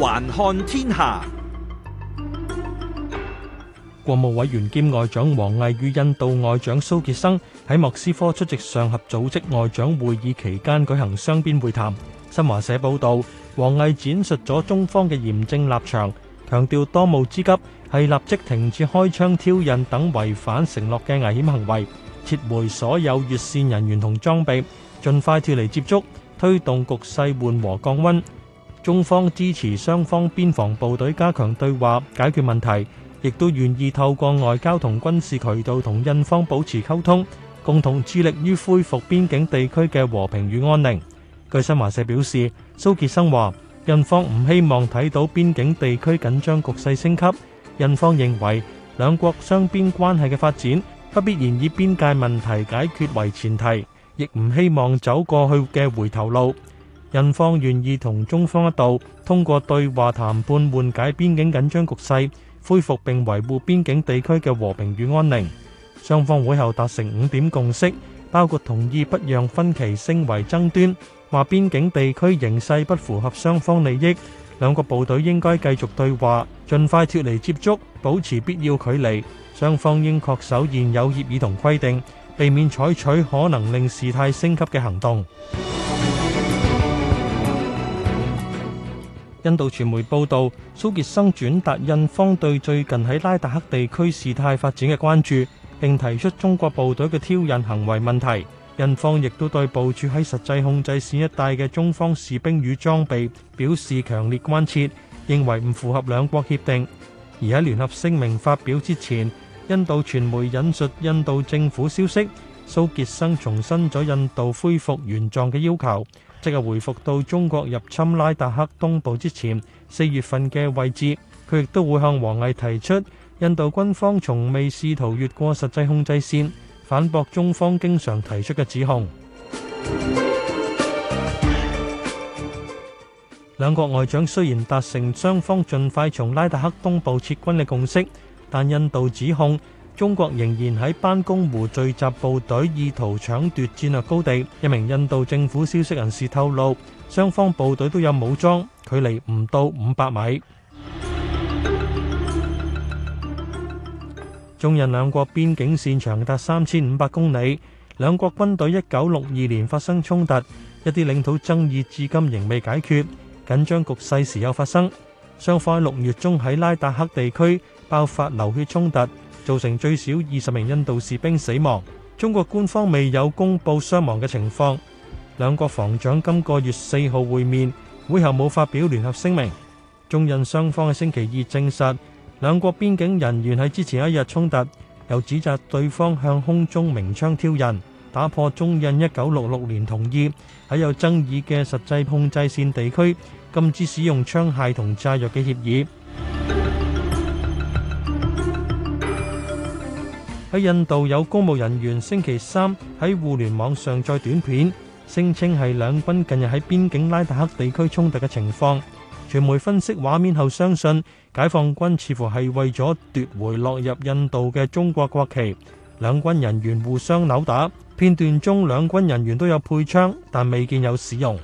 環看天下，國務委員兼外長王毅與印度外長蘇杰生喺莫斯科出席上合組織外長會議期間舉行雙邊會談。新華社報道，王毅闡述咗中方嘅嚴正立場，強調當務之急係立即停止開槍挑釁等違反承諾嘅危險行為，撤回所有越線人員同裝備，盡快脱離接觸，推動局勢緩和降温。中方支持雙方邊防部隊加強對話解決問題，亦都願意透過外交同軍事渠道同印方保持溝通，共同致力於恢復邊境地區嘅和平與安寧。據新華社表示，蘇傑生話：印方唔希望睇到邊境地區緊張局勢升級。印方認為兩國雙邊關係嘅發展不必然以邊界問題解決為前提，亦唔希望走過去嘅回頭路。印方願意同中方一道，通過對話談判緩解邊境緊張局勢，恢復並維護邊境地區嘅和平與安寧。雙方會後達成五點共識，包括同意不讓分歧升為爭端，話邊境地區形勢不符合雙方利益，兩國部隊應該繼續對話，盡快脫離接觸，保持必要距離。雙方應恪守現有協議同規定，避免採取可能令事態升級嘅行動。印度傳媒報道，蘇杰生轉達印方對最近喺拉達克地區事態發展嘅關注，並提出中國部隊嘅挑釁行為問題。印方亦都對部署喺實際控制線一帶嘅中方士兵與裝備表示強烈關切，認為唔符合兩國協定。而喺聯合聲明發表之前，印度傳媒引述印度政府消息，蘇杰生重申咗印度恢復原狀嘅要求。即係回復到中國入侵拉達克東部之前四月份嘅位置，佢亦都會向王毅提出，印度軍方從未試圖越過實際控制線，反駁中方經常提出嘅指控。兩 國外長雖然達成雙方盡快從拉達克東部撤軍嘅共識，但印度指控。中國仍然喺班公湖聚集部隊，意圖搶奪戰略高地。一名印度政府消息人士透露，雙方部隊都有武裝，距離唔到五百米。中印兩國邊境線長達三千五百公里，兩國軍隊一九六二年發生衝突，一啲領土爭議至今仍未解決。緊張局勢時有發生，雙方喺六月中喺拉達克地區爆發流血衝突。500米3500 6造成最少二十名印度士兵死亡，中國官方未有公布傷亡嘅情況。兩國防長今個月四號會面，會後冇發表聯合聲明。中印雙方喺星期二證實，兩國邊境人員喺之前一日衝突，又指責對方向空中鳴槍挑釁，打破中印一九六六年同意喺有爭議嘅實際控制線地區禁止使用槍械同炸藥嘅協議。喺印度有公務人員星期三喺互聯網上載短片，聲稱係兩軍近日喺邊境拉達克地區衝突嘅情況。傳媒分析畫面後，相信解放軍似乎係為咗奪回落入印度嘅中國國旗，兩軍人員互相扭打。片段中兩軍人員都有配槍，但未見有使用。